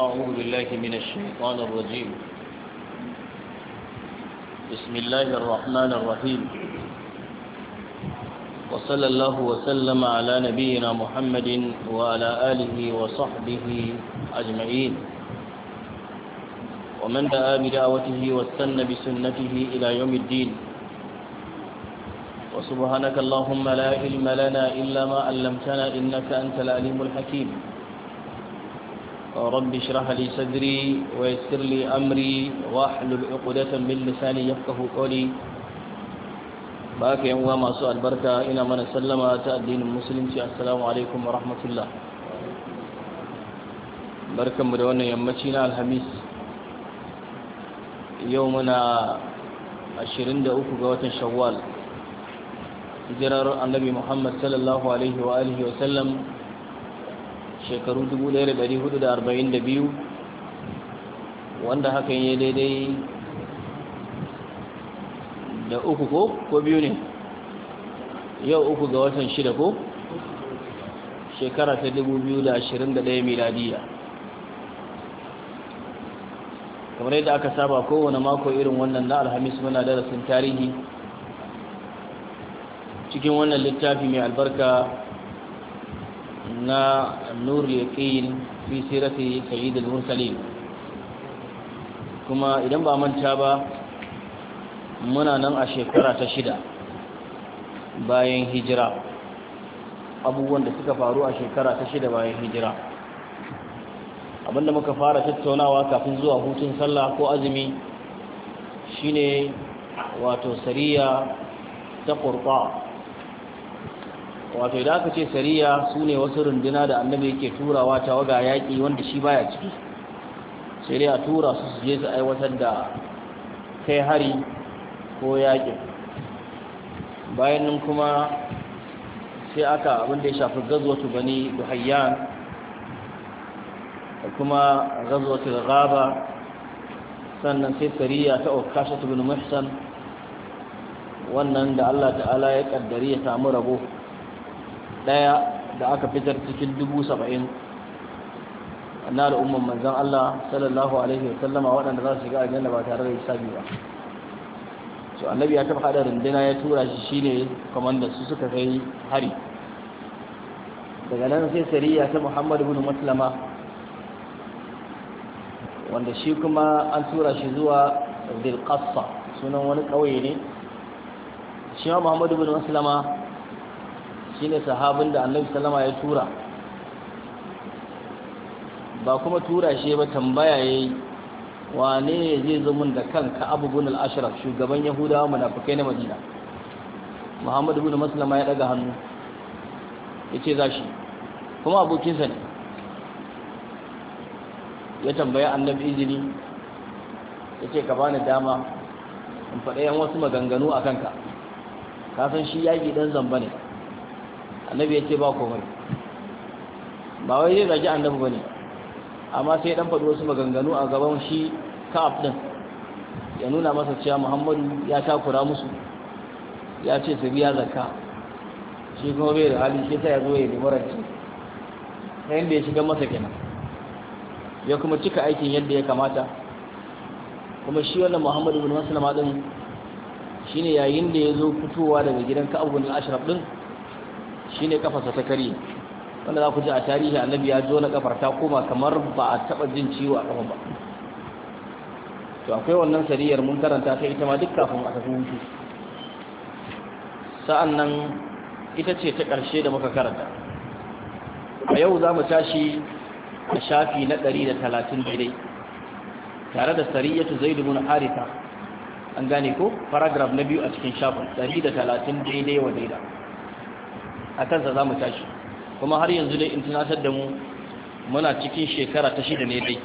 أعوذ بالله من الشيطان الرجيم بسم الله الرحمن الرحيم وصلى الله وسلم على نبينا محمد وعلى آله وصحبه أجمعين ومن دعا بدعوته واستنى بسنته إلى يوم الدين وسبحانك اللهم لا علم لنا إلا ما علمتنا إنك أنت العليم الحكيم رب اشرح لي صدري ويسر لي أمري واحلل عقدة من لساني يفقه قولي باك يوم ما سوء البركة إلى من سلم تأدين المسلم السلام عليكم ورحمة الله بركة مدونة يمتنا الحميس يومنا 23 ga watan shawwal hijirar annabi Muhammad sallallahu alaihi wa alihi wa sallam shekaru 1442 wanda hakan ya daidai da uku ko ko biyu ne yau uku ga watan shida ko shekara ta 2021 miladiya kamar yadda aka saba kowane mako irin wannan na alhamis muna darasin tarihi cikin wannan littafi mai albarka na nur yaqin fi sirati sayyid al-mursalin kuma idan ba manta ba muna nan a shekara ta shida bayan hijira abubuwan da suka faru a shekara ta shida bayan hijira abinda muka fara tattaunawa kafin zuwa hutun sallah ko azumi shine wato sariya ta qurba wato idan aka ce sariya su ne wasu runduna da annabi yake turawa waga yaƙi wanda shi baya ciki sariya tura su su je su aiwatar da kai hari ko yaƙi. bayan nan kuma sai aka abinda ya shafi gazwatu bani duhayyan da kuma da gaba sannan sai sariya ta okashatu bin muhsan wannan da Allah ta'ala ya kaddari ya samu rabo ɗaya da aka fitar cikin dubu saba'in na umar manzan Allah sallallahu alaihi wa sallama waɗanda za su shiga aljanna ba tare da hisabi ba Su annabi ya kafa haɗa runduna ya tura shi shine komanda su suka kai hari daga nan sai sariya ta Muhammadu bin Maslama wanda shi kuma an tura shi zuwa Bilqassa sunan wani ƙauye ne shi ma muhammadu bin Maslama ne sahabin da annabi sallama ya tura ba kuma tura shi ba tambaya yayi wane ne zai zo mun da kanka Abu al'ashirar shugaban Yahudawa munafikai na Madina Muhammad ibn Maslama ya daga hannu yace zashi kuma abokinsa ne ya tambaya annabi izini yace ka bani dama in faɗa yan wasu maganganu a kanka kasan shi yaki ɗan zamba ne annabi ya ce ba komai ba wai zai zaji annabi ba ne amma sai dan faɗi wasu maganganu a gaban shi ka'af ɗin ya nuna masa cewa muhammadu ya takura musu ya ce su biya zakka shi kuma bai da halin shi sai ya zo ya nemi rance ta yadda ya shiga masa kenan ya kuma cika aikin yadda ya kamata kuma shi wannan muhammadu bin maslama din shine yayin da ya zo fitowa daga gidan ka'ab ashirar ashraf din ne kafarsa ta kare wanda za ku ji a tarihi annabi ya na kafar ta koma kamar ba a taba jin ciwo a kafa ba to akwai wannan sariyar mun karanta ta ita ma duk kafin a tafi hutu sa'an nan ita ce ta ƙarshe da muka karanta a yau za mu tashi a shafi na ɗari da talatin daidai tare da sariyatu zai dubu harita an gane ko paragraf na biyu a cikin shafin ɗari da talatin daidai wa daidai a kansa za mu tashi kuma har yanzu dai in tunatar da mu muna cikin shekara ta shida ne dai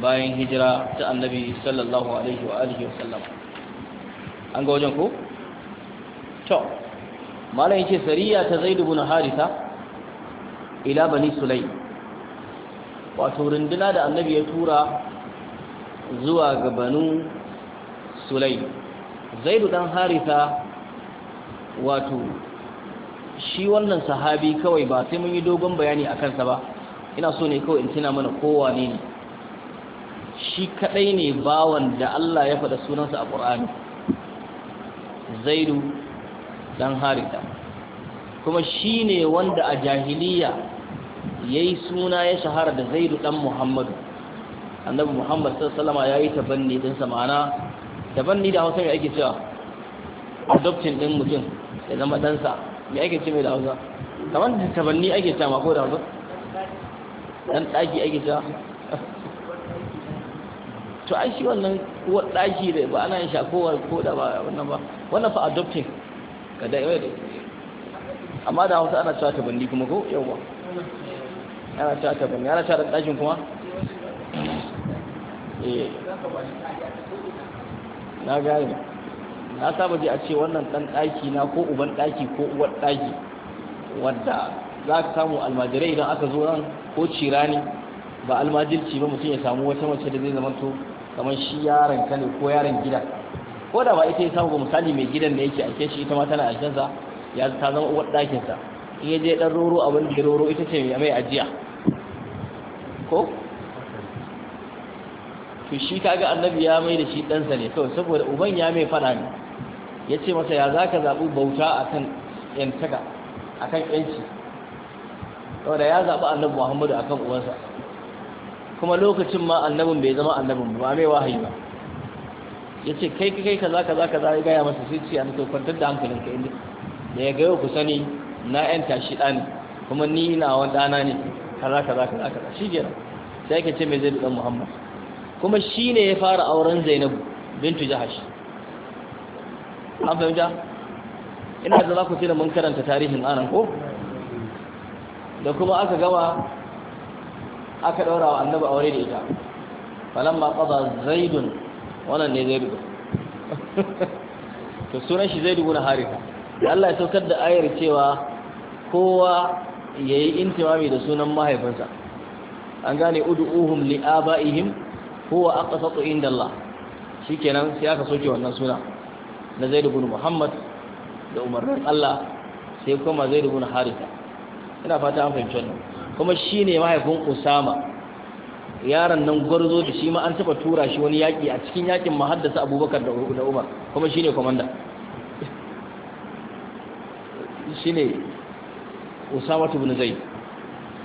bayan hijira ta annabi sallallahu alaihi wa alihi wa sallam an ga wajen ko to malam ce, sariya ta Zaidu ibn haritha ila bani sulai. wato runduna da annabi ya tura zuwa ga banu sulaim zaid dan haritha wato shi wannan sahabi kawai ba sai mun yi dogon bayani a kansa ba ina so ne kawai in tuna mana kowa ne ne shi kadai ne bawan da Allah ya faɗa sunansa a ƙur'ani zaidu dan harita kuma shi ne wanda a jahiliya ya yi suna ya shahara da zaidu dan muhammadu annabi muhammad sallama ya yi tabanni ɗinsa ma'ana tabanni da hausa mai ake cewa adoptin ɗin mutum ya zama ɗansa me ake ce mai da hausa kamar da tabanni ake ce mako da hausa dan ɗaki ake ce to ai shi wannan uwar ɗaki da ba ana yin shakowar ko da ba wannan ba wannan fa adopting ka da yau da amma da hausa ana cewa tabanni kuma ko yawa ana cewa tabanni ana cewa ɗakin kuma eh na gane na saba je a ce wannan ɗan ɗaki na ko uban ɗaki ko uwar daki wadda za ka samu almajirai idan aka zo nan ko cirani ba almajirci ba mutum ya samu wata mace da zai zama to kamar shi yaron ka ne ko yaron gida? ko da ba ita ya samu misali mai gidan da yake ake shi ita ma tana ajiyarsa ya ta zama uwar sa in ya je ɗan roro abin da roro ita ce mai ajiya ko to shi kaga annabi ya mai da shi ɗansa ne kawai saboda uban ya mai faɗa ne ya ce masa ya za ka zaɓi bauta a kan ‘yantaga a kan ‘yanci wadda ya zaɓi annabi muhammadu a kan uwansa kuma lokacin ma annabin bai zama annabin ba mai wahayi ba ya ce kai kai ka za ka za ka za ya gaya masa sai ce a nake kwantar da hankalin ka inda da ya gaya ku sani na ‘yan tashi ɗani kuma ni na wani ɗana ne ka za ka za shi gina sai ka ce mai zai bi ɗan Muhammadu. kuma shi ne ya fara auren zainabu bintu jahashi an fahimta ina da za ku da mun karanta tarihin anan ko da kuma aka gama aka daura wa annabi aure da ita falamma qada zaidun wannan ne zaidu to sunan shi zaidu na harika Allah ya saukar da ayar cewa kowa yayi intimami da sunan mahaifinsa an gane ud'uhum li'abaihim huwa aqsatu inda Allah shikenan sai aka soke wannan suna na zai da ibn muhammad da umarnin Allah sai kuma da ibn harita ina fata an fahimci wannan kuma shi ne mahaifin usama yaron nan gwarzo da shi ma an taba tura shi wani yaƙi a cikin yaƙin muhaddasa abubakar da umar kuma shi ne kwamanda Shi ne usama ibn zai?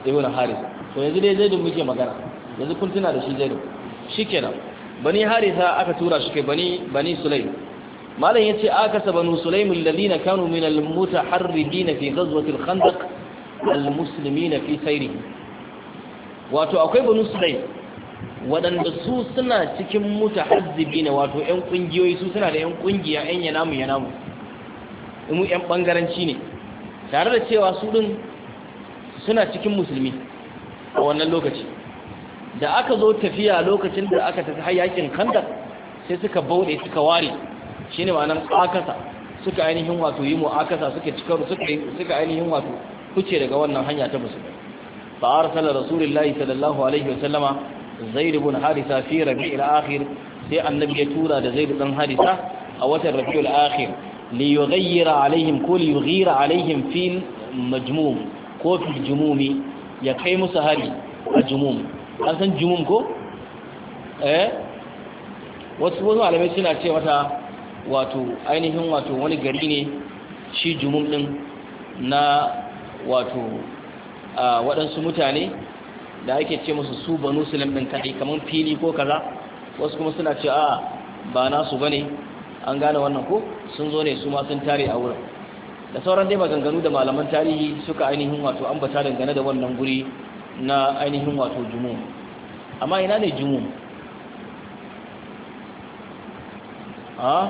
ibn haritha to yanzu dai zai da muke magana yanzu kun tuna da shi zai shi shikenan bani Harisa aka tura shi kai bani bani sulaim malam yace akasa banu sulaym alladhina kanu min almutaharridin fi ghazwati alkhandaq almuslimin fi sayri wato akwai banu sulaym wadanda su suna cikin mutahazzibina wato ƴan kungiyoyi su suna da ƴan kungiya ƴan yanamu yanamu mu ƴan bangaranci ne tare da cewa su din suna cikin musulmi a wannan lokaci da aka zo tafiya lokacin da aka tafi hayakin khandaq sai suka bauɗe suka ware shine ma'anar tsakasa suka ainihin wato yi mu'akasa suka cikar suka ainihin wato fice daga wannan hanya ta musulmi fa da rasulullahi sallallahu alaihi wasallama zaid ibn harisa fi rabi'il akhir sai annabi ya tura da zai dan harisa a watan rabi'ul akhir li yughayyira alaihim ko li yughira alaihim fil majmum ko fil jumumi ya kai musu hari a jumum an san jumum ko eh wasu wasu alamai suna ce mata. wato ainihin wato wani gari ne shi jumum din na wato waɗansu mutane da ake ce musu su banu sulam din kaɗi kamar fili ko kaza wasu kuma suna ce a ba nasu ne an gane wannan ko sun zo ne su ma sun tare a wurin da sauran dai maganganu da malaman tarihi suka ainihin wato an bata dangane da wannan guri na ainihin wato jumum amma ina ne jumum a ah?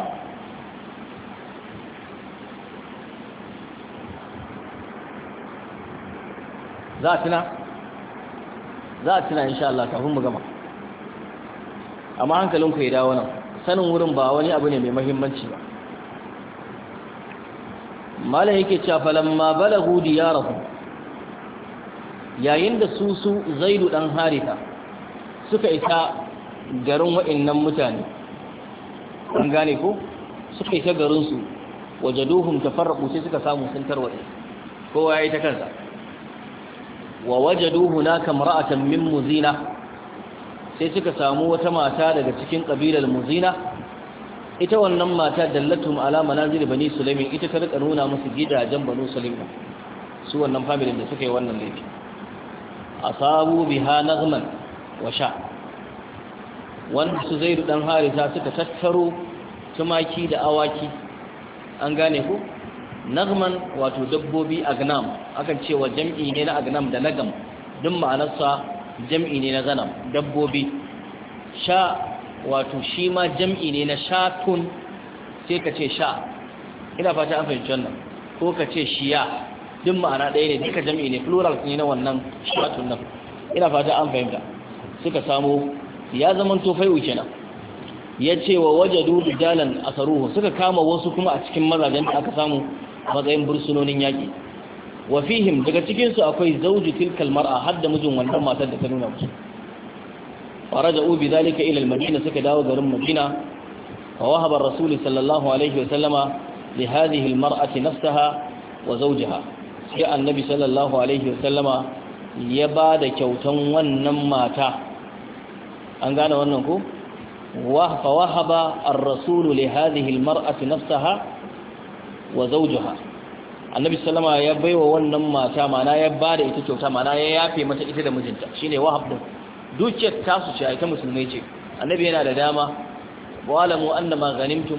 za a tuna za a tuna insha Allah kafin mu gama amma ku ya dawo nan sanin wurin ba wani abu ne mai mahimmanci ba malam yake cewa falamma balagu diyarahum yayin da su su zaidu dan harita suka isa garin wa'annan mutane an gane ko suka isa garin su wajaduhum tafarraqu sai suka samu sun tarwaye kowa yayi ta kansa wa wajadu hunaka imra'atan min muzina sai suka samu wata mata daga cikin kabilar muzina ita wannan mata dallatum ala manazil bani sulaim ita ta rika nuna musu gidajen banu sulaim su wannan family da suka yi wannan laifi asabu biha naghman wa sha wanda su zaidu dan harisa suka tattaro tumaki da awaki an gane ku nagman wato dabbobi agnam akan cewa jam'i ne na agnam da nagam duk ma'anarsa jam'i ne na zanam. dabbobi sha wato shi ma jam'i ne na shatun sai ka ce sha ina fata an fahimci wannan ko ka ce shiya duk ma'ana ɗaya ne duka jam'i ne plural ne na wannan shatun nan ina fata an fahimta suka samu ya zama tofai'u kenan ya ce wa wajadu a asaruhu suka kama wasu kuma a cikin mazajen da aka samu matsayin bursunonin yaƙi wa fihim daga cikinsu akwai zauji tilkal mar'a har da mijin wannan matar da ta nuna musu faraja ubi zalika ilal madina suka dawo garin madina fa wahaba rasul sallallahu alaihi wa sallama li hadhihi al mar'ati nafsaha wa zawjaha sai annabi sallallahu alaihi wa sallama ya ba da kyautan wannan mata an gane wannan ko fa wahaba ar-rasul li hadhihi al mar'ati nafsaha wa zawjaha annabi sallama ya baiwa wannan mata mana ya bada ita kyauta mana ya yafe mata ita da mijinta shine wahab din dukiyar tasu ce ita musulmai ce annabi yana da dama wa alamu annama ghanimtum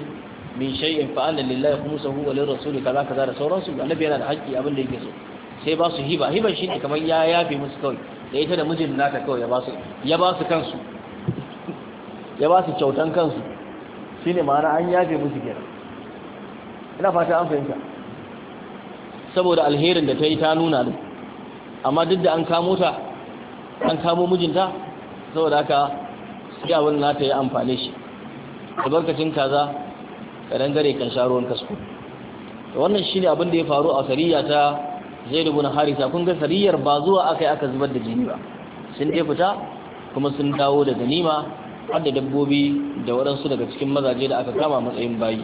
min shay'in fa anna lillahi khumsuhu wa lirrasuli kaza kaza da sauransu annabi yana da haƙƙi abin da yake so sai ba su hiba shi shine kamar ya yafe musu kawai da ita da mijin nata kawai ya ba su ya ba su kansu ya ba su kyautan kansu shine ma'ana an yafe musu kenan ina fata an fahimta saboda alherin da ta yi ta nuna da, amma duk da an kamo ta an kamo mijinta saboda haka sai abin na ta yi amfani shi albarkacin kaza ka dangare kan sha ruwan kasko wannan shi ne abinda ya faru a sariya ta zai na harisa kun ga sariyar ba zuwa aka yi aka zubar da jini ba sun dai fita kuma sun dawo da ganima har da dabbobi da waɗansu daga cikin mazaje da aka kama matsayin bayi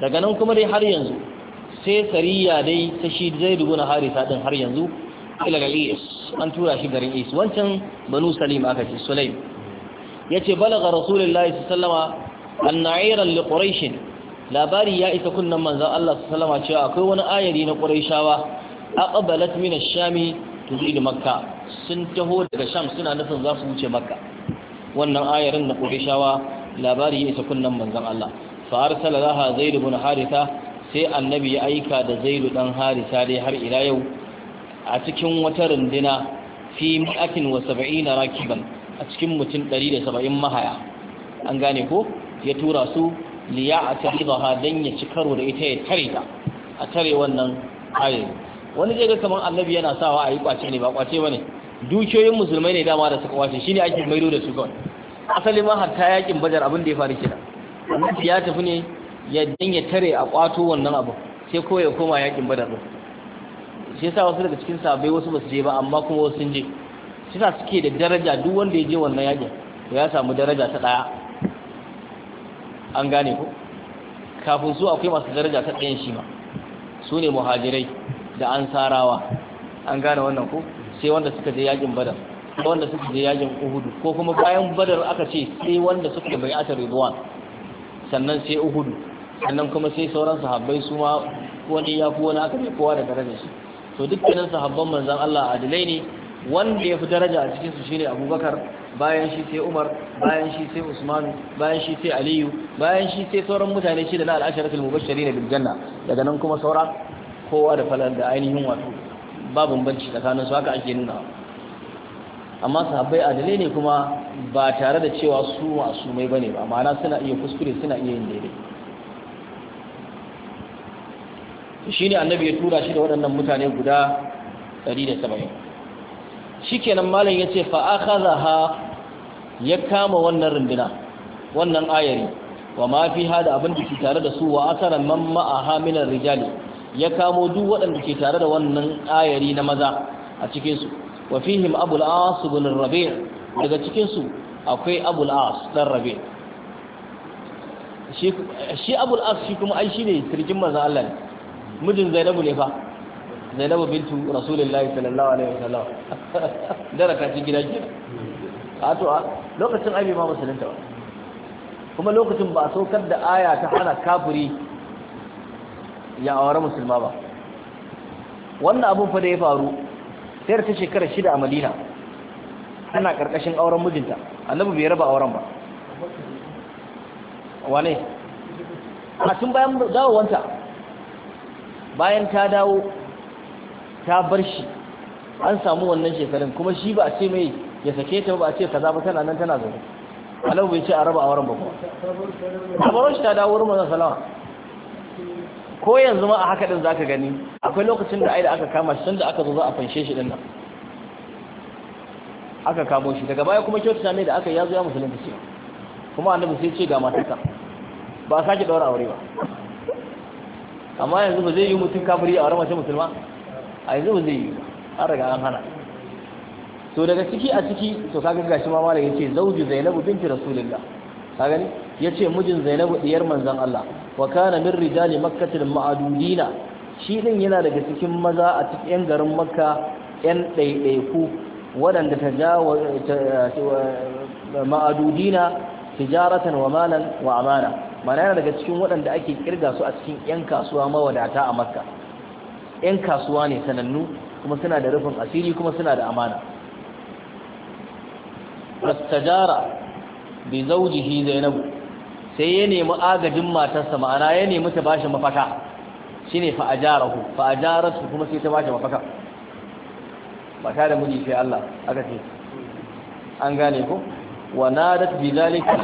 daga nan kuma dai har yanzu sai sariya dai ta shi zai dubu na harisa din har yanzu an tura shi garin is wancan banu salim aka ce sulaim yace balaga rasulullahi sallama anna ayran li quraish labari ya isa kunnan manzon Allah sallama cewa akwai wani ayari na quraishawa aqbalat min ash-shami tuzidu makka sun taho daga sham suna nufin za su wuce makka wannan ayarin na quraishawa labari ya isa kunnan manzan Allah fa arsala laha zaid ibn sai annabi ya aika da zaidu dan harisa dai har ila yau a cikin wata rundina fi mi'atin wa sab'ina rakiban a cikin mutum 170 mahaya an gane ko ya tura su liya atahidha dan ya ci karo da ita ya tare ta a tare wannan ayi wani zai ga annabi yana sawa a yi kwace ne ba kwace bane dukiyoyin musulmai ne dama da suka kwace shine ake maido da su kawai asali ma hatta yakin badar abin ya faru kenan annabi ya tafi ne ya danya tare a kwato wannan abu sai ko ya koma yakin badar din shi yasa wasu daga cikin sabai wasu basu je ba amma kuma wasu sun je shi yasa suke da daraja duk wanda ya je wannan yakin to ya samu daraja ta daya an gane ko kafin su akwai masu daraja ta ɗayan shi ma su ne muhajirai da ansarawa an gane wannan ko sai wanda suka je yakin badar wanda suka je yakin uhudu ko kuma bayan badar aka ce sai wanda suka bai ata ridwan sannan sai uhudu sannan kuma sai sauran sahabbai su ma wani ya fi wani aka ne kowa da darajar shi to dukkanin sahabban manzan Allah adilai ne wanda ya fi daraja a cikinsu shine abubakar bayan shi sai umar bayan shi sai usmanu bayan shi sai aliyu bayan shi sai sauran mutane shi da na al'asharatul mubashshari na biljanna daga nan kuma saura kowa da falar da ainihin wato ba bambanci tsakanin su haka ake nuna amma sahabbai adalai ne kuma ba tare da cewa su masu mai bane ba ma'ana suna iya kuskure suna iya yin daidai shi ne annabi ya tura shi da waɗannan mutane guda 170 shi kenan malam ya ce fa'akaza ha ya kama wannan rundunar wannan ayari wa mafi hada abin da ke tare da su wa asarar mamma a haminar rijali ya kamo duk waɗanda ke tare da wannan ayari na maza a cikinsu wa fihim abu al'asu bin rabi' daga cikinsu akwai abul as dan rabe shi abul as shi kuma ai ne sirkin manzon Allah ne mijin zainabu ne fa zainabu bintu rasulullahi sallallahu alaihi wasallam daraka ci gidan gida a to a lokacin ai bai ma musulunta ba kuma lokacin ba a saukar da aya ta hana kafiri ya aure musulma ba wannan abun fa da ya faru sai ta shekara shida a madina tana karkashin auren mijinta annabi bai raba auren ba wane a tun bayan dawowanta bayan ta dawo ta bar shi an samu wannan shekarun kuma shi ba a ce mai ya sake ta ba a ce kaza ba tana nan tana zaune alau bai ce a raba auren ba kuma baron shi ta dawo wurin mazan salama ko yanzu ma a haka din ka gani akwai lokacin da aida aka kama shi tun da aka zo za a fanshe shi din nan aka kamo shi daga baya kuma kyautata ne da aka yi ya zo ya musulunta ce kuma annabi sai ce ga matarsa ba a sake ɗaura aure ba amma yanzu ba zai yi mutum kafiri a wurin mace musulma a yanzu ba zai yi an riga an hana to daga ciki a ciki to kaga gashi ma ya yace zauji zainabu binti rasulillah ka gani yace mijin zainabu diyar manzon Allah wa kana min rijali makkatil ma'adudina shi din yana daga cikin maza a cikin garin makka yan ɗaiɗaiku waɗanda ma'adudina tijaratan wa malan wa amana mana yana daga cikin waɗanda ake kirga su a cikin 'yan kasuwa mawadata a makka 'yan kasuwa ne sanannu kuma suna da rufin asiri kuma suna da amana fastajara bi zaujihi zainabu sai ya nemi agajin matarsa ma'ana ya nemi ta bashi mafaka shine fa ajarahu fa ajaratu kuma sai ta bashi mafaka mata da miji sai Allah aka ce an gane ko wa nadat bi zalika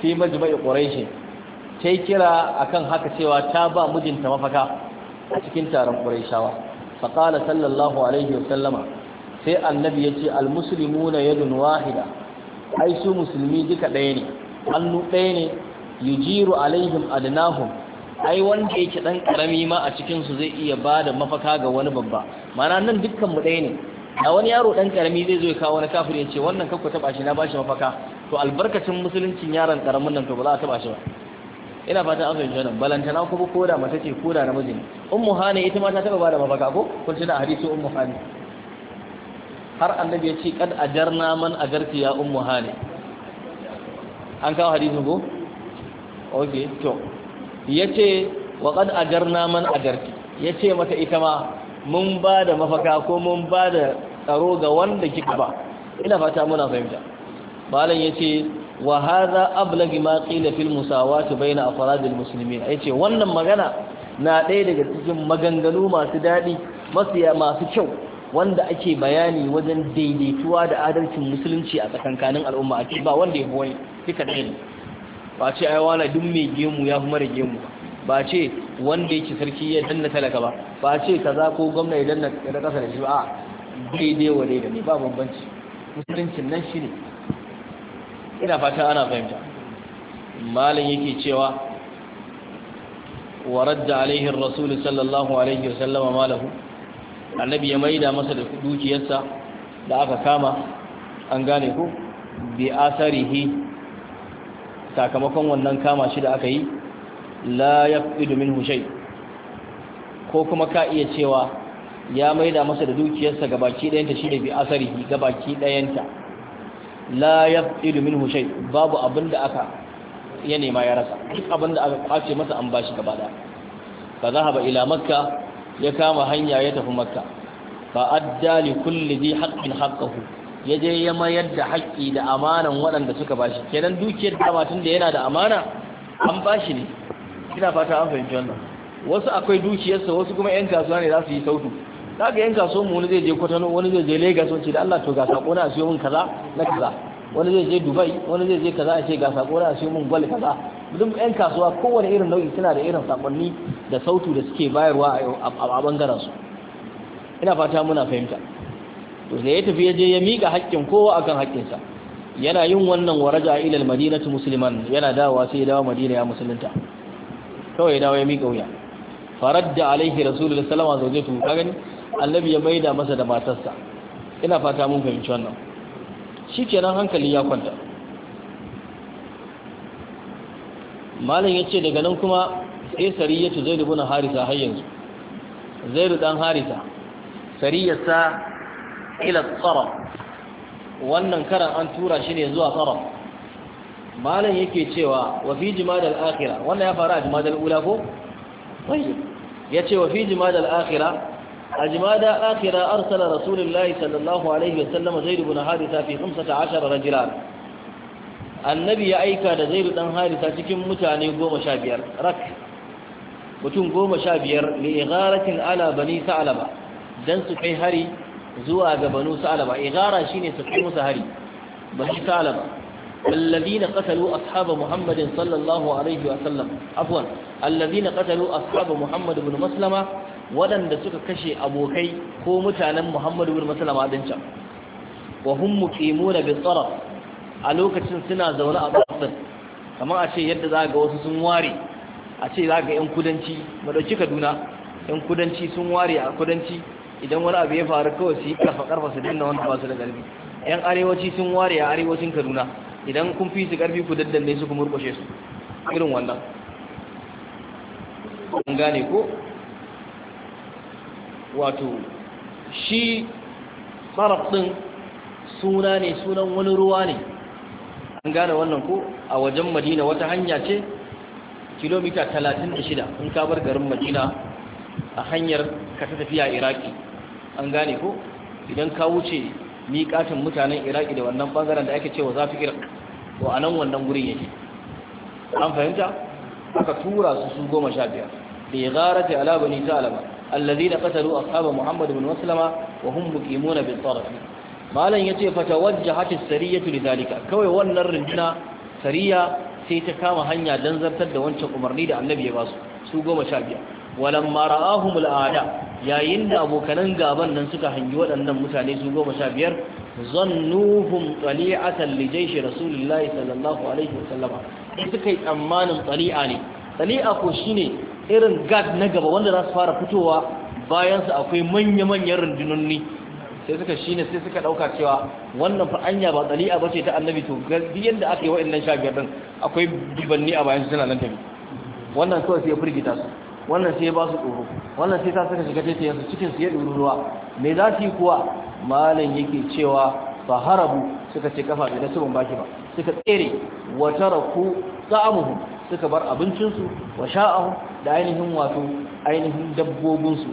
fi majma'i quraish sai kira akan haka cewa ta ba mijinta mafaka a cikin taron quraishawa fa qala sallallahu alaihi wa sallama sai annabi yace al muslimuna yadun wahida ai su musulmi duka ɗaya ne hannu ɗaya ne yujiru alaihim adnahum ai wanda yake dan karami ma a cikin su zai iya bada mafaka ga wani babba mana nan dukkan mu ɗaya ne A wani yaro dan karami zai zo ya kawo wani kafin ya ce wannan kakku taba shi na bashi mafaka to albarkacin musuluncin yaron karamin nan to ba za a taba shi ba ina fata an fahimci wannan balantana kuma ko da mace ce ko da namiji ne ummu hani ita ma ta taba bada mafaka ko kun da hadisi ummu hani har annabi ya ce kad ajarna man ajarti ya ummu hani an kawo hadisin ko okay to yace wa kad ajarna man ajarti yace mata ita ma mun ba da mafaka ko mun ba da tsaro ga wanda kika ba ina fata muna fahimta malam yace wa hadha ablagh ma qila fil musawati bayna al muslimin yace wannan magana na ɗaya daga cikin maganganu masu daɗi masu kyau wanda ake bayani wajen daidaituwa da adalcin musulunci a tsakankanin al'umma a ba wanda ya fi wani duka ɗaya ba ce ai wala duk mai gemu ya fi mara gemu ba ce wanda yake sarki ya danna talaka ba ba ce kaza ko gwamna ya danna kasa ƙasa da shi ba daidai wa daidai ne ba bambanci musuluncin nan shi ne ina fata ana fahimta malin yake cewa wa radda alaihin rasulu sallallahu alaihi wasallama malahu annabi ya maida masa da dukiyarsa da aka kama an gane ko bi asarihi sakamakon wannan kama shi da aka yi la yaqidu minhu shay ko kuma ka iya cewa ya maida masa da dukiyarsa gabaki ɗayanta shi ne bi asarihi gabaki ɗayanta la ya idu min hushai babu abin da aka ya nema ya rasa duk abin da aka kwace masa an bashi gaba da fa zahaba ila makka ya kama hanya ya tafi makka fa addali li kulli dhi haqqin haqqahu ya je ya mayar da haƙƙi da amanan waɗanda suka bashi kenan dukiyar dama tun da yana da amana an bashi ne ina fata an fahimci wannan wasu akwai dukiyarsa wasu kuma 'yan kasuwa ne za su yi sautu kaga yan kasuwan mu wani zai je Kwatano wani zai je Lagos wani ce da Allah to ga sako na siyo mun kaza na kaza wani zai je Dubai wani zai je kaza a ce ga sako na siyo mun gwal kaza duk yan kasuwa kowane irin nau'i suna da irin sakonni da sautu da suke bayarwa a bangaren su ina fata muna fahimta to da ya tafi ya je ya mika haƙƙin kowa akan haƙƙinsa yana yin wannan waraja ila madinatu musliman yana dawowa sai ya dawo madina ya musulunta kawai ya dawo ya mika wuya faradda alaihi rasulullahi sallallahu alaihi wasallam zaujatu ka gani annabi ya maida masa da matarsa ina fata mun fahimci wannan shikenan hankali ya kwanta malam yace daga nan kuma sai Sari sariyatu zai ibn harisa har yanzu zaid dan harisa sariyarsa ila tsara wannan karan an tura shi ne zuwa tsara malam yake cewa wa fi jimadal akhirah wannan ya fara a jimadal ula ko wai yace wa fi jimadal akhirah أجماد آخر أرسل رسول الله صلى الله عليه وسلم زيد بن حارثة في خمسة عشر رجلا النبي أيكا زيد بن حارثة تكم متاني قوم شابير رك وتم قوم شابير لإغارة على بني ثعلبة دن سحي هري زواج بنو ثعلبة إغارة شيني سحي مسهري بني ثعلبة الذين قتلوا أصحاب محمد صلى الله عليه وسلم عفوا الذين قتلوا أصحاب محمد بن مسلمة ولن دسك كشي أبو كي هو متعنا محمد بن مسلمة دنشا وهم مقيمون بالطرف ألوك سنة زولاء بطن كما أشي يد ذاك وسسن واري أشي ذاك إن كدنشي مدوشي كدونا إن كدنشي سن واري كدنشي idan wani abu ya faru kawai su yi karfa karfa su dinna wani ba su da ƙarfi yan arewaci sun ware a arewacin kaduna idan kun fi su ƙarfi ku daddanne su ku murkushe su irin wannan an gane ko wato shi marab ɗin suna ne sunan wani ruwa ne an gane wannan ko a wajen madina wata hanya ce kilomita 36 in ka bar garin madina a hanyar ka ta tafiya iraki an gane ko idan ka wuce miƙatin mutanen iraki da wannan bangaren da ake cewa zafi irin to a nan wannan gurin yake an fahimta aka tura su su goma sha biyar da ya gara ta ala bani ta'alaba allazi da kasaru ashaba muhammad bin maslama wa bin hum muqimuna bil taraf malan yace fatawajjahat Sariya sariyatu lidhalika kawai wannan rinduna sariya sai ta kama hanya don zartar da wancan umarni da annabi ya basu su goma sha biyar walamma ra'ahum al-a'da yayin da abokanan gaban nan suka hangi waɗannan mutane su goma sha biyar zannuhum tsali'atan li jaishi rasulullahi sallallahu alaihi wa wasallama suka yi tsammanin tsali'a ne tsali'a ko shine irin gad na gaba wanda za su fara fitowa bayan su akwai manya-manyan rundununni sai suka shine sai suka dauka cewa wannan fa anya ba tsali'a bace ta annabi to gaskiya yanda aka yi wa'annan sha biyar din akwai dubanni a bayan su suna nan tafi wannan kawai sai ya firgita su wannan sai ba su tsoro wannan sai ta saka shiga taitayensu cikin su ya ɗuru ruwa me za su yi kuwa malam yake cewa fa harabu suka ce kafa da su ban baki ba suka tsere wa taraku ta'amuhu suka bar abincinsu wa sha'ahu da ainihin wato ainihin dabbobinsu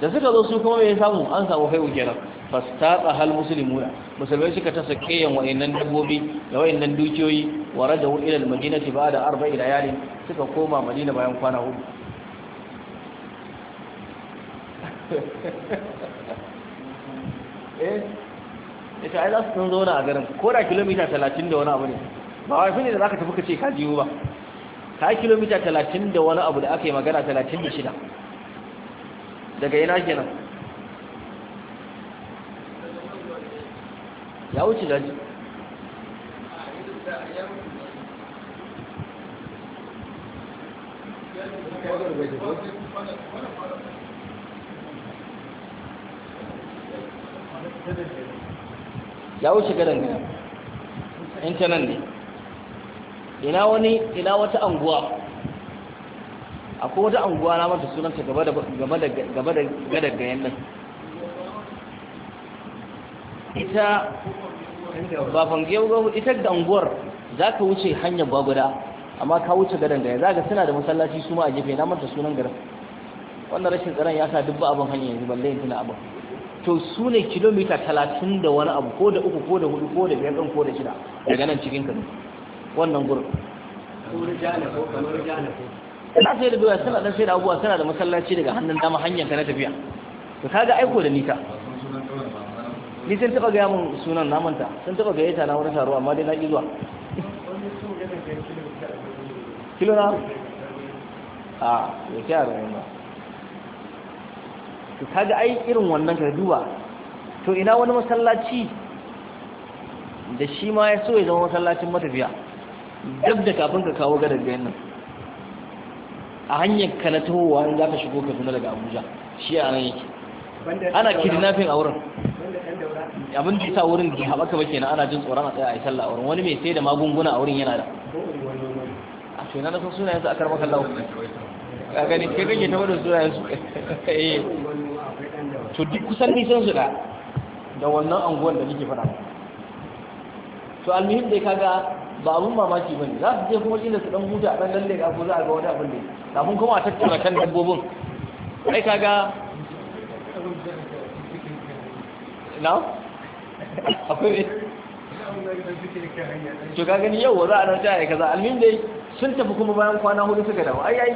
da suka zo su kuma ya samu an samu haihu kenan fastaqa hal muslimuna musulmai suka ta sake yan wayannan dabbobi da wayannan dukiyoyi wa rajau ila al-madinati ba'da arba'i layalin suka koma madina bayan kwana hudu eh ita ai za su sun zauna a garin ko da kilomita talatin da wani abu ne ba wai fine ne da za ka tafi ka ka jiwo ba ka kilomita talatin da wani abu da aka yi magana talatin da shida daga ina kenan ya wuce daji Thank you. ya wuce gadon gaya intanen ne ina wani ina wata anguwa akwai wata anguwa na mata sunanta gaba da gadon gayan nan ita ba fangiyar ita da anguwar za ka wuce hanyar guda, amma ka wuce gadon gaya za ka suna da masallaci su ma a gefe na mata sunan gada. wannan rashin tsaron ya sa dubba abin hanyar yanzu balle yin tuna abin to su ne kilomita talatin da wani abu ko da uku ko da hudu ko da biyar ɗin ko da shida daga nan cikin kano wannan gurin ina sai da doya suna ɗan sai da abubuwa suna da masallaci daga hannun dama hanyar ka na tafiya to ga aiko da nita ni sun taɓa gaya min sunan namanta sun taɓa gaya ta na wani taro amma dai na ƙi zuwa kilo na a ah, yake a ruwan ba to kaga ai irin wannan ka duba to ina wani masallaci da shi ma ya so ya zama masallacin matafiya duk da kafin ka kawo gadar gayan nan a hanyar ka na tohowa za ka shigo ka tuna daga abuja shi a nan yake ana kidnapping a wurin abin da sa wurin da haɓaka ba kenan ana jin tsoron a tsaye a yi sallah a wurin wani mai sai da magunguna a wurin yana da a shi na nasan sunayen su a karɓar kallawa a gani kai kake ta wadda sunayen su eh. to duk kusan nisan su da da wannan anguwar da nake faɗa to almihim dai kaga ba abun mamaki bane za su je kuma kila su dan huta a dan lalle ga ko za a ga wani abin ne kafin kuma a tattara kan dabbobin ai kaga na akwai to ka gani yau za a nan ta kaza almin dai sun tafi kuma bayan kwana hudu suka dawo ai ayi.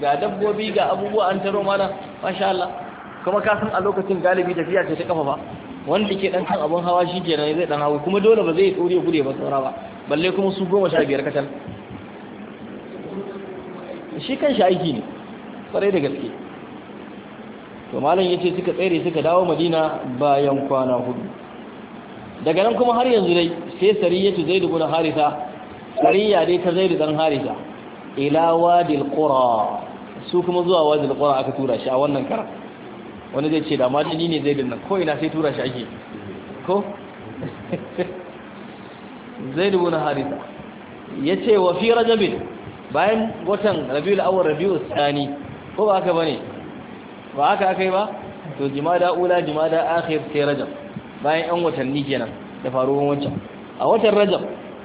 ga dabbobi ga abubuwa an taro mana masha Allah kuma ka san a lokacin galibi tafiya ce ta kafa ba wanda ke dan kan abun hawa shi kenan zai dan hawo kuma dole ba zai tsore gure ba saura ba balle kuma su goma sha biyar katal shi kan shi aiki ne sarai da gaske to malam yace suka tsere suka dawo Madina bayan kwana hudu daga nan kuma har yanzu dai sai zai zaid ibn harisa sariya dai ta zai zaid dan harisa ila wadil qura su kuma zuwa wajen ƙwara aka tura shi a wannan kara wani zai ce da ma jini ne zai dinnan ko ina sai tura shi ake ko zai dubu na harita ya ce wa fi rajabin bayan watan rabiul awar rabiul tsani ko ba aka bane ba aka aka yi ba to jimada ula jimada akhir sai rajab bayan yan watanni kenan da faruwan wancan a watan rajab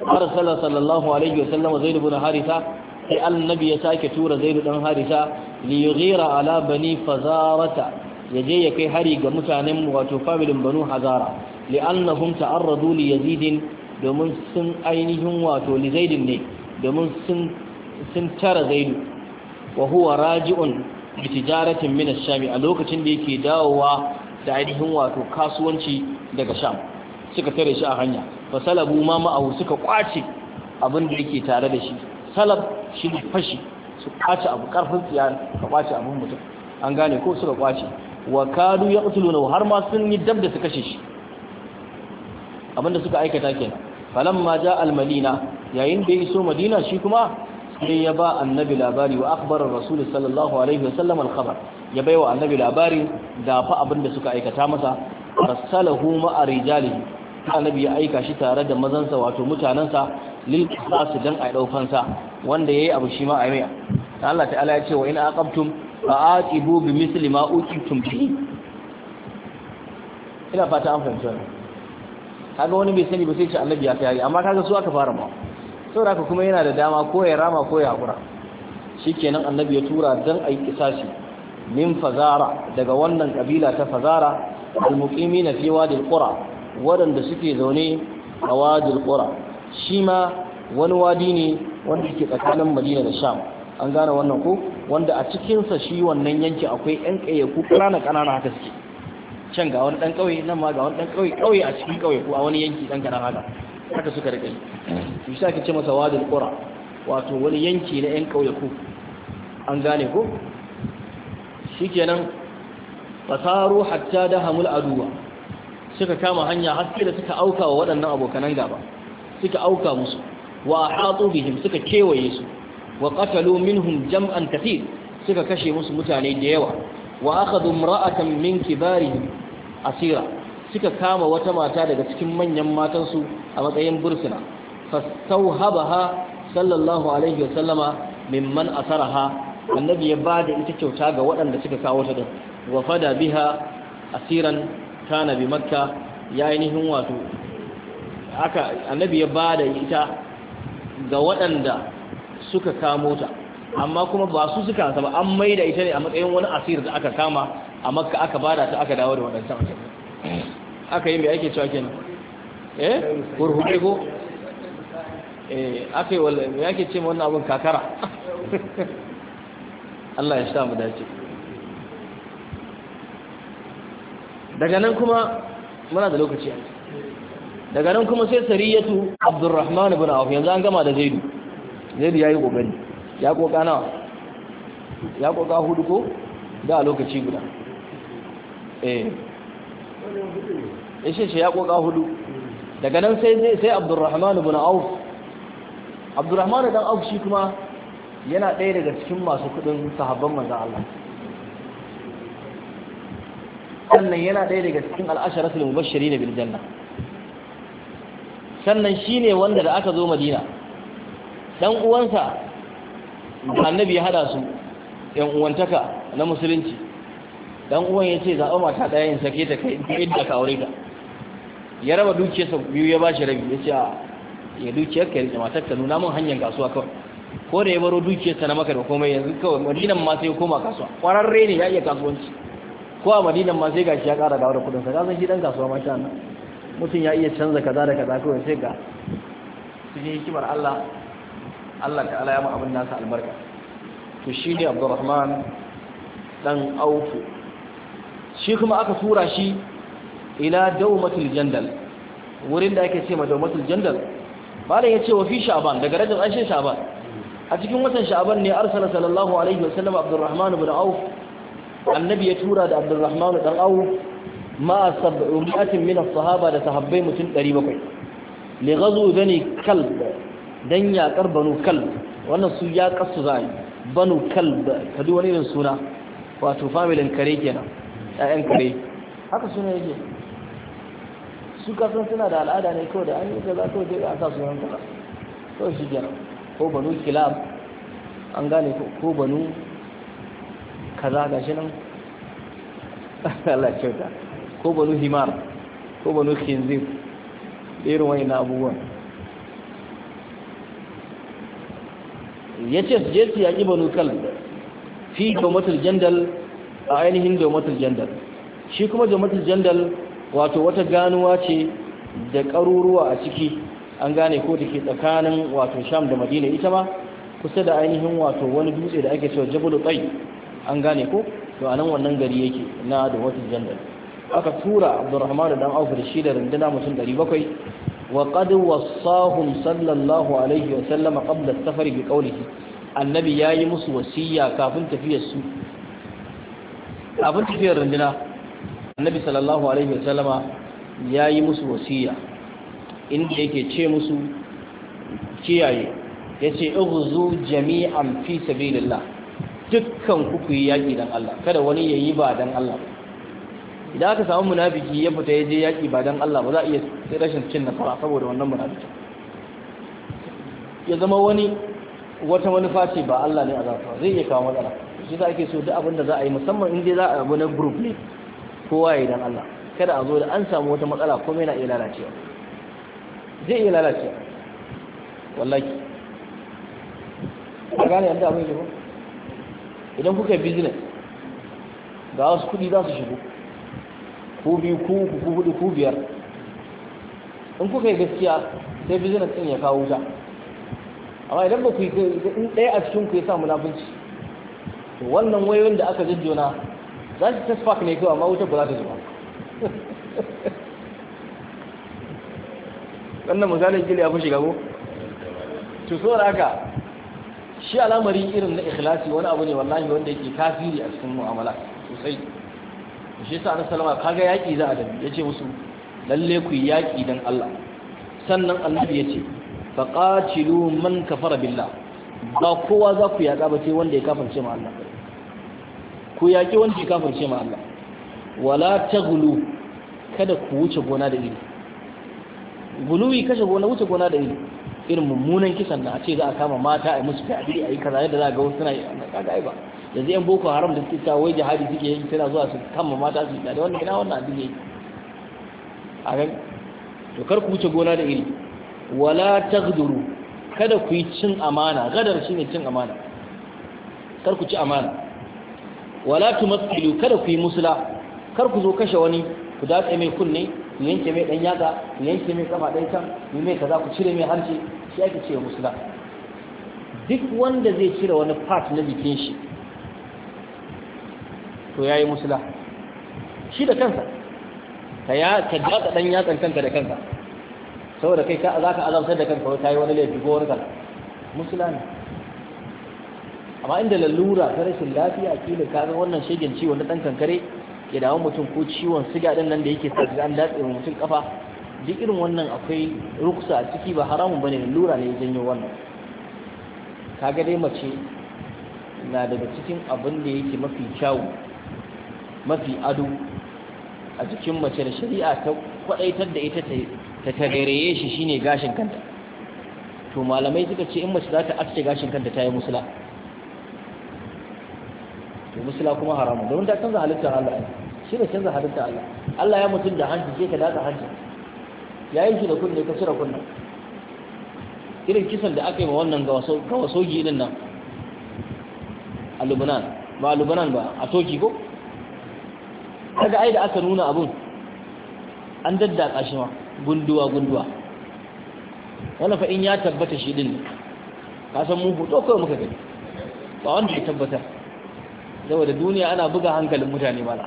har sallallahu alaihi wasallam zai dubu na harita sai annabi ya sake tura zaidu dan harisa li yughira ala bani fazarata yaje ya kai hari ga mutanen wato familin banu hazara li'annahum ta'arradu li yazid domin sun ainihin wato li ne domin sun sun tara zaidu wa huwa raji'un bi tijaratin min ash-sham a lokacin da yake dawowa da ainihin wato kasuwanci daga sham suka tare shi a hanya fasalabu ma ma'ahu suka kwace abin da yake tare da shi salaf shi ne fashi su kwace abu karfin tsiya ka kwace abun mutum an gane ko suka kwace wa kadu ya qtuluna har ma sun yi dab da su kashe shi abinda suka aikata kenan falamma ja al-madina yayin da ya iso madina shi kuma sai ya ba annabi labari wa akhbara rasul sallallahu alaihi wasallam al-khabar ya baiwa annabi labari da fa abinda suka aikata masa arsalahu ma rijalihi annabi ya aika shi tare da mazansa wato mutanansa lil qisas dan a dau fansa wanda yayi abu shi ma a mai Allah ta'ala ya ce wa in aqabtum fa'aqibu bi misli ma uqibtum bihi ina fata an fahimta kaga wani bai sani ba sai ce annabi ya kai amma kaga su aka fara ba saboda haka kuma yana da dama ko ya rama ko ya hakura shikenan annabi ya tura dan ayi kisashi min fazara daga wannan kabila ta fazara al-muqimina fi wadi al-qura wadanda suke zaune a wadi al-qura shi ma wani wadi ne wanda ke tsakanin madina da sham an gane wannan ko wanda a cikinsa shi wannan yanki akwai yan ƙayyaku ƙanana ƙanana haka suke can ga wani ɗan ƙauye nan ma ga wani ɗan ƙauye ƙauye a cikin ƙauye ko a wani yanki ɗan ƙanan haka haka suka riƙe shi sa ake ce masa wadin ƙura wato wani yanki na yan ku an gane ko shikenan fasaru hatta dahamul aduwa suka kama hanya haske da suka auka wa waɗannan abokanan gaba suka auka musu wa ahatu bihim suka kewaye su wa qatalu minhum jam'an kathir suka kashe musu mutane da yawa wa akhadhu imra'atan min kibarihim asira suka kama wata mata daga cikin manyan matansu a matsayin bursuna fastauhabaha sallallahu alaihi wa sallama mimman asaraha annabi ya bada ita kyauta ga waɗanda suka kawo ta din wa fada biha asiran kana bi makka ya ainihin wato aka annabi ya bada ita ga waɗanda suka kamo ta amma kuma ba su suka ba an maida ita ne a matsayin wani asir da aka kama a makka aka bada ta aka dawo da waɗancan aka yi mai ake cewa nan. eh kurhuɗe ko eh aka yi mai ake ce wannan abin kakara Allah ya sha mu dace daga nan kuma muna da lokaci daga nan kuma sai sariyatu abdurrahman ibn awf yanzu an gama da zaidu zaidu yayi kokari ya koka nawa ya koka hudu ko da a lokaci guda eh ishe shi ya koka hudu daga nan sai sai abdurrahman ibn awf abdurrahman dan awf shi kuma yana ɗaya daga cikin masu kudin sahabban manzon Allah sannan yana ɗaya daga cikin al'asharatul mubashirin bil janna sannan shi ne wanda da aka zo madina Ɗan uwansa annabi ya hada su yan uwantaka na musulunci Ɗan uwan ya ce zaɓa mata ɗaya yin sake ta kai inda ka aure ka. ya raba dukiyarsa biyu ya bashi rabi ya ce a ya dukiyar ka rike matar ka nuna min hanyar kasuwa kawai ko da ya baro dukiyarsa na maka da komai yanzu kawai madinan ma sai koma kasuwa kwararre ne ya iya kasuwanci ko a madinan ma sai gashi ya ƙara gawar da kuɗinsa ka san shi ɗan kasuwa masha Allah mutum ya iya canza kaza da kaza kawai sai ga cikin hikimar Allah Allah ta'ala ya ma abin nasa albarka to shi ne Abdurrahman dan Aufu shi kuma aka tura shi ila daumatul jandal wurin da ake ce ma daumatul jandal malam yace wa fi sha'ban daga rajin ashe sha'ban a cikin watan sha'ban ne arsala sallallahu alaihi wasallam Abdurrahman ibn Auf annabi ya tura da Abdurrahman dan Auf ma sab'atin min as-sahaba da sahabbai mutum 700 li ghazu bani kalb dan yaƙar banu kalb wannan su ya kasu zai banu kalb ka duk wani irin suna wato familin kare kenan ƴaƴan kare haka suna yake su kasan suna da al'ada ne ko da an yi kaza kawai dai a sa sunan kaza kawai shi kenan ko banu kilab an gane ko banu kaza gashi nan Allah kyauta ko banu himar ko banu khinzir irin wani na abubuwan ya ce su je su yaƙi banu kalb fi domatul jandal a ainihin domatul jandal shi kuma domatul jandal wato wata ganuwa ce da ƙaruruwa a ciki an gane ko da ke tsakanin wato sham da madina ita ma kusa da ainihin wato wani dutse da ake cewa jabulu tsayi an gane ko to a nan wannan gari yake na domatul jandal aka tura abdurrahman dan auf da shi da runduna mutum 700 wa qad wasahum sallallahu alaihi wa sallama qabla as-safar bi qawlihi annabi yayi musu wasiya kafin tafiyar su kafin tafiyar runduna annabi sallallahu alaihi wa sallama yayi musu wasiya inda yake ce musu kiyaye yace ughzu jami'an fi sabilillah dukkan ku ku yi yaki dan Allah kada wani yayi ba dan Allah ba idan aka samu munafiki ya fita ya je yaƙi ba don Allah ba za a iya sai rashin cin nasara saboda wannan munafiki ya zama wani wata manufa ce ba Allah ne a zafa zai iya kawo matsala shi za ke so duk abin da za a yi musamman in dai za a abu na group ne kowa ya yi don Allah kada a zo da an samu wata matsala kuma yana iya lalacewa zai iya lalacewa wallahi a gane yadda abin shi ba idan kuka yi business ga wasu kuɗi za su shigo ku biyu ku ku hudu ku biyar in kuka yi gaskiya sai business din ya kawo wuta amma idan ba ku yi in ɗaya a cikin ku ya sa munafunci to wannan wayoyin da aka jajjona za su ta spark ne kawai amma wutar ba za ta zuba wannan misalin gili ya fi shiga ko to so haka shi al'amari irin na ikhlasi wani abu ne wallahi wanda yake tasiri a cikin mu'amala sosai shi sa annabi sallama kaga yaki za a dabi yace musu lalle ku yaki dan Allah sannan annabi yace faqatilu man kafara billah ba kowa za ku yaka ba sai wanda ya kafirce ma Allah ku yaki wanda ya kafirce ma Allah wala taghlu kada ku wuce gona da iri guluwi kashe gona wuce gona da iri irin mummunan kisan da a ce za a kama mata a yi musu fi a yi kaza yadda za a ga wasu suna yi kaga ai ba yanzu yan boko haram da suke ta wai jihadi suke yi tana zuwa su kama mata su da wannan ina wannan abin yake a to kar ku wuce gona da iri wala taghduru kada ku yi cin amana gadar shine cin amana kar ku ci amana wala tumathilu kada ku yi musula kar ku zo kashe wani ku tsaye mai kunne ku yanke mai dan yaka ku yanke mai kafa dai can ku mai kaza ku cire mai harshe shi ake cewa musula duk wanda zai cire wani part na jikin shi to yayi musula shi da kansa ka ya ka ga dan ya kanka da kansa. saboda kai ka zaka azabtar da kanka ko yi wani laifi ko wani kala musula ne amma inda lalura ta rashin lafiya kila ka ga wannan shegen ciwon na dan kankare ya dawo mutum ko ciwon siga din nan da yake sa an datse mutum kafa duk irin wannan akwai ruksa a ciki ba haramun bane lura ne janyo wannan kaga dai mace na daga cikin abin da yake mafi kyawu mafi ado a cikin mace da shari'a ta kwadaitar da ita ta tarereye shi shine gashin kanta to malamai suka ce in mace za ta aske gashin kanta ta yi musula to musula kuma haramun domin ta canza halittar Allah shi da canza halittar Allah Allah ya mutum da hanci sai ka datsa hanci ya yi shi da kunne ka cire kunne irin kisan da aka yi wa wannan ga wasogi din nan a lubunan ba a ba a Toki ko kaga ai da aka nuna abun an daddaka shi ma gunduwa gunduwa wala fa in ya tabbata shi din ka san mu hoto kawai muka gani ba wanda ya tabbata saboda duniya ana buga hankalin mutane mala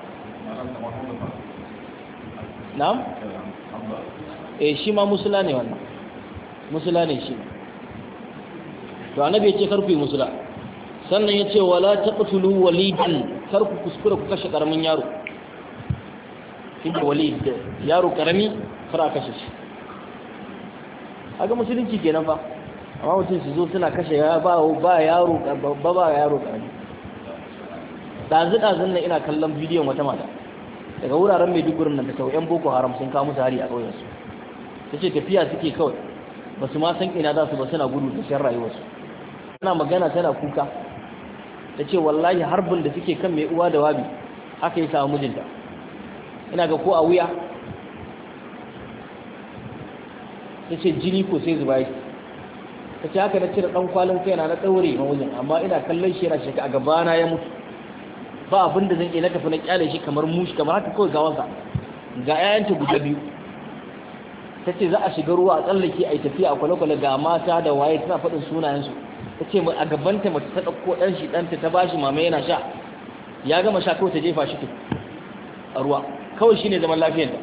na'am eh shi ma musula ne wannan musula ne shi to annabi ya ce karku yi musula sannan ya ce wala taqtulu walidan karku kuskura ku kashe karamin yaro inda wali da yaro karami fara kashe shi haka musulunci kenan fa amma mutum su zo suna kashe ya ba ba yaro ba ba yaro karami dazu dazun nan ina kallon bidiyon wata mata daga wuraren Maiduguri nan da kawai yan Boko Haram sun kawo musu hari a ƙauyensu. su tace tafiya suke kawai ba su ma san ina za su ba suna gudu da shan rayuwarsu tana magana tana kuka ta ce wallahi harbin da suke kan mai uwa da wabi haka ya samu mijinta ina ga ko a wuya ta ce jini ko sai zuba shi ta ce haka na cire ɗan kwalin kai na ɗaure wajen. amma ina kallon shi yana shaka a gabana ya mutu ba abin da zan iya na tafi na kyale shi kamar mushi kamar haka kawai gawansa ga 'ya'yanta guda biyu ta ce za a shiga ruwa a tsallake a yi tafiya a kwale-kwale ga mata da waye tana faɗin sunayensu ta ce a gabanta mace ta ɗauko ɗan shi ɗanta ta bashi mama yana sha ya gama sha kawai ta jefa shi a ruwa kawai shine zaman lafiyar ta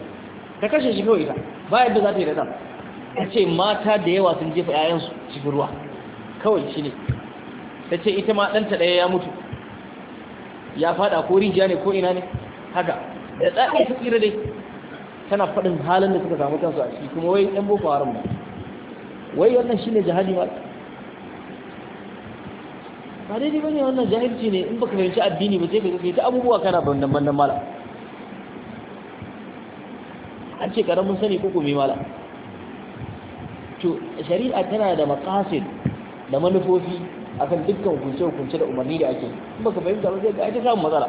ta kashe shi kawai ita ba yadda za ta yi da ta ta ce mata da yawa sun jefa 'ya'yansu cikin ruwa kawai shi ne ta ce ita ma ɗanta ɗaya ya mutu ya faɗa ko rijiya ne ko ina ne haka da tsaɗi ta tsira dai tana faɗin halin da suka samu kansu a ciki kuma wai ɗan boko haram ba wai wannan shi ne jihadi ma ba daidai ba ne wannan jahilci ne in baka fahimci addini ba sai ka ta abubuwa kana ban ban nan mala an ce karamin sani ko kuma mala to shari'a tana da maqasid da manufofi akan dukkan hukunce hukunce da umarni da ake kuma ka fahimta ba zai ga ake samun matsala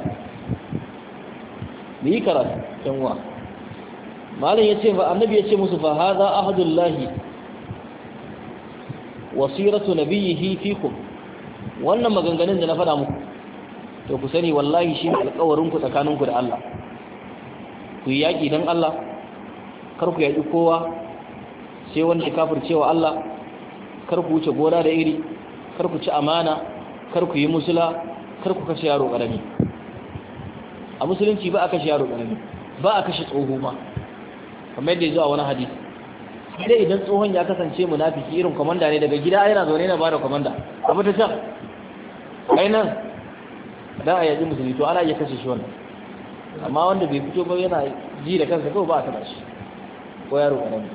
mu yi karatu yan uwa malam ya ce fa annabi ya ce musu fa hadha ahadullahi wasiratu nabiyhi fikum wannan maganganun da na faɗa muku to ku sani wallahi shi alƙawarin ku tsakanin ku da Allah ku yi yaƙi don Allah karku yaƙi kowa sai wanda kafir cewa Allah karku wuce gora da iri karku ci amana karku yi musula karku kashe yaro ƙarami a musulunci ba a kashe yaro ƙarami ba a kashe tsoho ma kamar yadda ya zuwa wani hadisi sai idan tsohon ya kasance munafiki irin komanda ne daga gida yana zaune na bada komanda a mata can kai nan da a yaji musulmi to ana iya kashe shi wannan amma wanda bai fito ba yana ji da kansa kawai ba a taba shi ko yaro ƙarami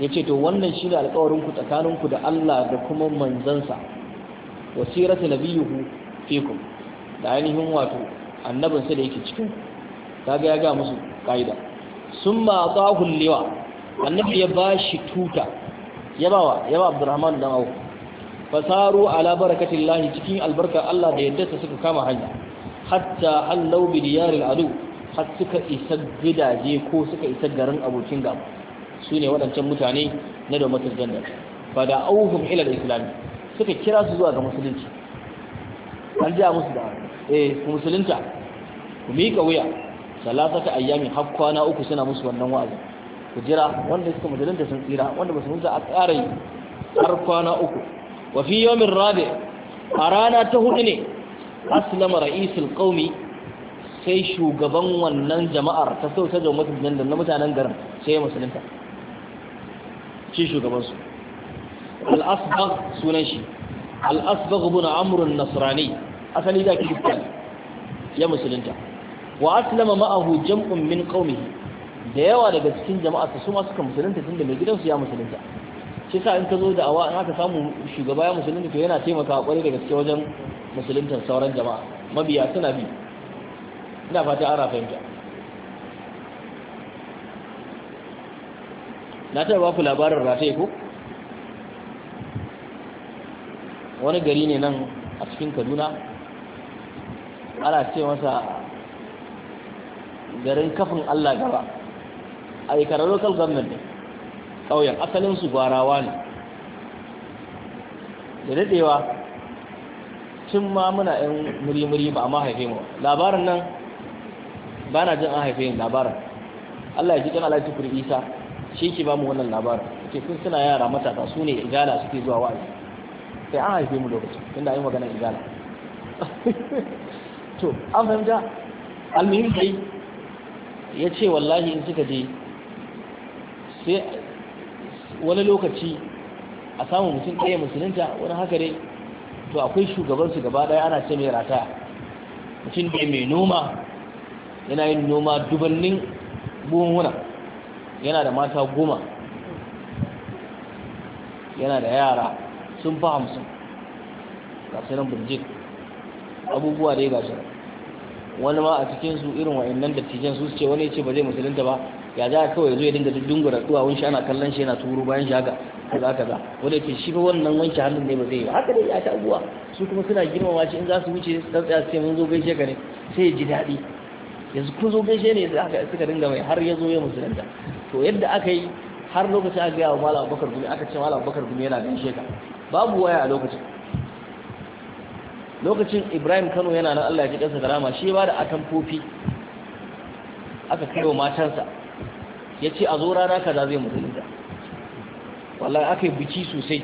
ya ce to wannan shi ne alƙawarinku tsakaninku da Allah da kuma manzansa wasirata nabiyuhu fikum da ainihin wato sa da yake cikin ta ga ya ga musu ka'ida. sun atahu liwa annabi ya ba shi tuta ya bawa ya ba abdurrahman dan auku fasaru ala barakatillahi cikin albarkar Allah da yadda suka kama hanya hatta allau bi diyaril adu har suka isa gidaje ko suka isa garin abokin gaba su ne waɗancan mutane na domatar jandar ba da auhun ilar islami suka kira su zuwa ga musulunci an ja musu da eh ku musulunta ku miƙa wuya ta ayyami har kwana uku suna musu wannan wa'azi ku jira wanda suka musulunta sun tsira wanda ba su musu a tsara yi har kwana uku wa fi yawmin rabe a rana ta hudu ne aslama ra'isul qaumi sai shugaban wannan jama'ar ta sau ta jama'a nan da na mutanen garin sai ya musulunta shi shugabansu al'asbagh sunan shi al'asbagh ibn amr an-nasrani asali da kirista ya musulunta wa aslama ma'ahu jam'un min qaumihi da yawa daga cikin jama'arsa su ma suka musulunta tunda mai gidansu ya musulunta shi sa in ka zo da awa in aka samu shugaba ya musulunta to yana taimaka kwarai da gaske wajen musuluntar sauran jama'a mabiya suna bi ina fata ana fahimta na taɓa ba ku labarin rataye ko wani gari ne nan a cikin kaduna ana ce masa garin kafin allah gaba a ikarar local government ne ƙauyen su gwarawa ne da daɗewa tun ma muna 'yan muri-muri ba a mahaife labarin nan ba na jin an haife yin labarin Allah ya ji kan Allah tukur Isa shi ke ba mu wannan labarin ke sun suna yara matasa su ne igala suke zuwa wa'azi sai an haife mu lokaci. Inda an yi magana igala to an fahimta almuhim dai ya ce wallahi in suka je sai wani lokaci a samun mutum ɗaya musulunta wani haka dai to akwai shugabansu gaba ɗaya ana ce mai rataya mutum da mai noma yana yin noma dubannin buhunhuna yana da mata goma yana da yara sun fi hamsin gasirin birjik abubuwa dai gasirin wani ma a cikinsu irin wa'annan dattijan su ce wani ce ba zai musulunta ba ya za a kawai zuwa dinga dinga dungura duwa wunshi ana kallon shi yana turu bayan shi haka ka za wanda ke shi fa wannan wanke hannun ne ba zai yi ba haka dai ya ta abuwa su kuma suna girmama shi in za su wuce su tsaya su ce mun zo gaishe ka ne sai ya ji daɗi yanzu kun zo gaishe ne suka dinga mai har ya zo ya musulunta to yadda aka yi har lokacin aka gaya wa malam abubakar gumi aka ce malam abubakar gumi yana gaishe ka babu waya a lokacin lokacin ibrahim kano yana nan allah ya ji ƙasa karama shi ba da atamfofi aka kai wa matansa ya ce a zo rana kaza zai musulunta wallahi aka yi biki sosai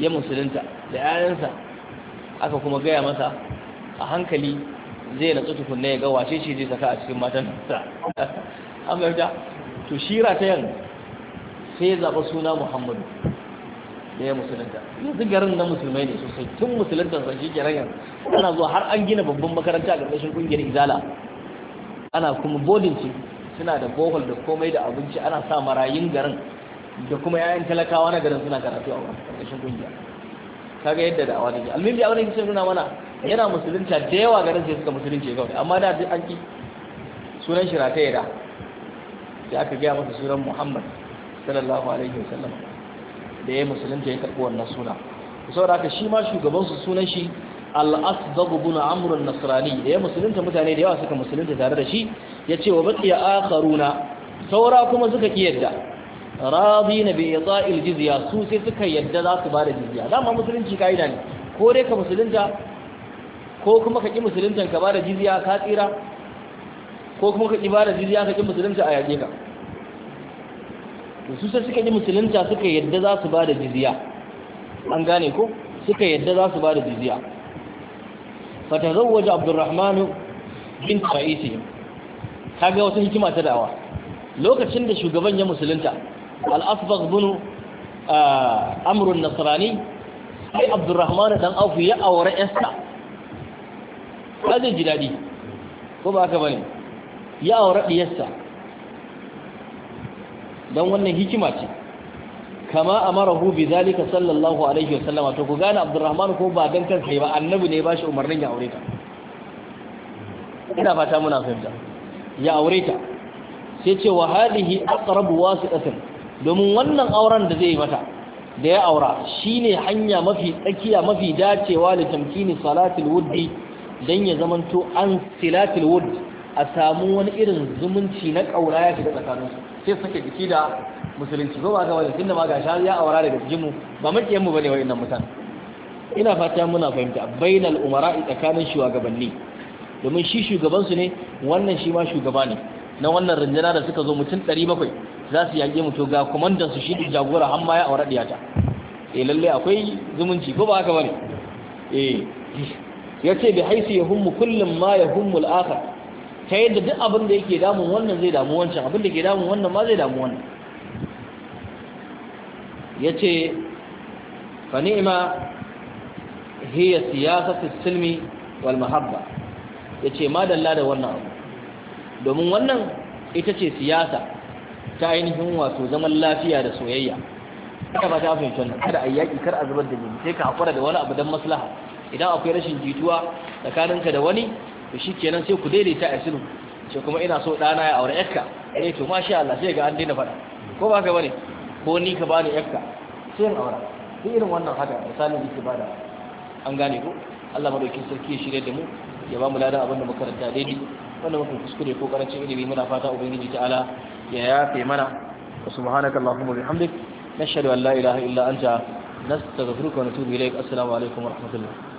ya musulunta da 'ya'yansa aka kuma gaya masa a hankali zai natsu tukunna ya ga wace ce zai saka a cikin matan sa an fahimta to shira ta yan sai ya zaɓa suna muhammadu da ya musulunta yanzu garin na musulmai ne sosai tun musulunta sun shi kiran yan ana zuwa har an gina babban makaranta a ƙarƙashin ƙungiyar izala ana kuma bodin ce suna da bohol da komai da abinci ana sa marayun garin da kuma yayan talakawa na garin suna karatu a ƙarƙashin ƙungiya kaga yadda da ke almin da'awa ne ke nuna mana yana musulunta da yawa garin sai suka musulunce kawai amma da duk an ki sunan shi rataye da sai aka gaya masa sunan muhammad sallallahu alaihi wasallam da ya musulunta ya karɓi wannan suna saboda haka shi ma shugabansu sunan shi al-asdaq ibn amr an-nasrani da ya musulunta mutane da yawa suka musulunta tare da shi yace wa baqiya akharuna saura kuma suka kiyarda radina bi ita'il jizya su sai suka yadda za su bada jizya dama musulunci kaida ne ko dai ka musulunta ko kuma ka ƙi musulunta ka bada jizya ka tsira ko kuma ka ƙi bada jizya ka ƙi musulunta a yaƙe ka su sai suka ƙi musulunta suka yadda za su bada jizya an gane ko suka yadda za su bada jizya fatazawwaja abdurrahman bin ta kaga wata hikima ta dawa lokacin da shugaban ya musulunta al-asbagh bin ah, amrun nasrani sai abdurrahman dan auf ya aure esta ba zai ji daɗi ko ba haka bane ya aure diyarsa Don wannan hikima ce kama a mara bi zalika sallallahu alaihi wasallama to ku gane Abdurrahman ko ba dan kansa ba annabi ne ba shi umarnin ya aure ta ina fata muna fahimta ya aure ta sai ce wa hadihi aqrabu wasiqatin domin wannan auren da zai mata da ya aura shine hanya mafi tsakiya mafi dacewa da tamkini salatul wuddi don ya zamanto an silatil wood a samu wani irin zumunci na ƙaura ya shiga tsakaninsu sai suke jiki da musulunci ko ba ga wani tun da ma ga shari'a aura daga jimu ba makiyanmu ba ne wa innan mutane ina fata muna fahimta bainal umara tsakanin shugabanni domin shi shugabansu ne wannan shi ma shugaba ne na wannan rundunar da suka zo mutum 700 za su yage mutu ga komandan su shi jagora har ma ya aure diyata eh lalle akwai zumunci ko ba haka bane eh ya ce bi haisu ya hummu kullum ma ya hummu al'akar ta yadda duk abin da yake damun wannan zai damu wancan abin da ke damun wannan ma zai damu wannan ya ce fa ni'ima hiya siyasatu silmi wal mahabba ya ce ma dalla da wannan abu domin wannan ita ce siyasa ta ainihin wato zaman lafiya da soyayya kada ba ta fahimci wannan kada a yaƙi kar a zubar da jini sai ka haƙura da wani abu don maslaha idan akwai rashin jituwa tsakaninka da wani to shikenan sai ku daidaita a sinu ce kuma ina so ɗana ya aure yakka eh to masha Allah sai ga an daina faɗa ko ba ka bane ko ni ka bani yakka sai in aura sai irin wannan haka misalin da ke bada an gane ko Allah madaukin sarki ya shirye da mu ya ba mu ladan abin da makaranta daidai wannan muka kuskure ko karancin ilimi muna fata ubangiji ta'ala ya yafe mana subhanaka allahumma bihamdik nashhadu an la ilaha illa anta nastaghfiruka wa natubu ilaik assalamu alaikum wa rahmatullah